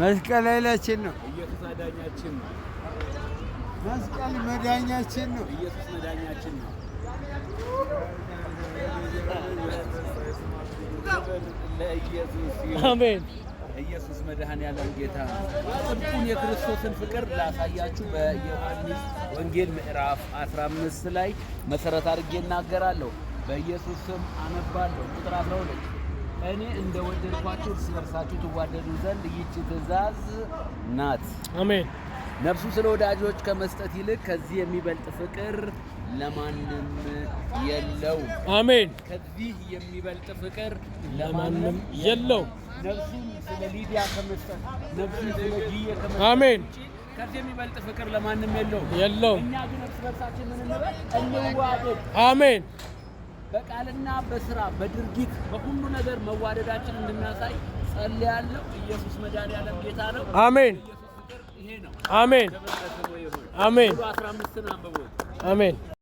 መስቀል ኃይላችን ነው። ኢየሱስ መዳኛችን ነው። መስቀል መዳኛችን ነው። ኢየሱስ መዳኛችን ነው። አሜን። ኢየሱስ መድኃኔዓለም ጌታ ነው። የክርስቶስን ፍቅር ላሳያችሁ በዮሐንስ ወንጌል ምዕራፍ 15 ላይ መሰረት አድርጌ እናገራለሁ። በኢየሱስ ስም አነባለሁ። ቁጥር 12 እኔ እንደ ወደድኳችሁ እርስ በርሳችሁ ትዋደዱ ዘንድ ይህች ትእዛዝ ናት። አሜን። ነፍሱ ስለ ወዳጆች ከመስጠት ይልቅ ከዚህ የሚበልጥ ፍቅር ለማንም የለው። አሜን። ከዚህ የሚበልጥ ፍቅር ለማንም የለው። ነፍሱ ስለ ሊዲያ ከመስጠት ነፍሱ ስለ ጊየ ከመስጠት አሜን ከዚህ የሚበልጥ ፍቅር ለማንም የለው የለው። እኛ ግን እርስ በርሳችን ምን እንበል? እንዋደድ። አሜን በቃልና በስራ በድርጊት በሁሉ ነገር መዋደዳችን እንድናሳይ ጸልያለሁ። ኢየሱስ መድኃኒዓለም ጌታ ነው። አሜን። አሜን። አሜን። አሜን።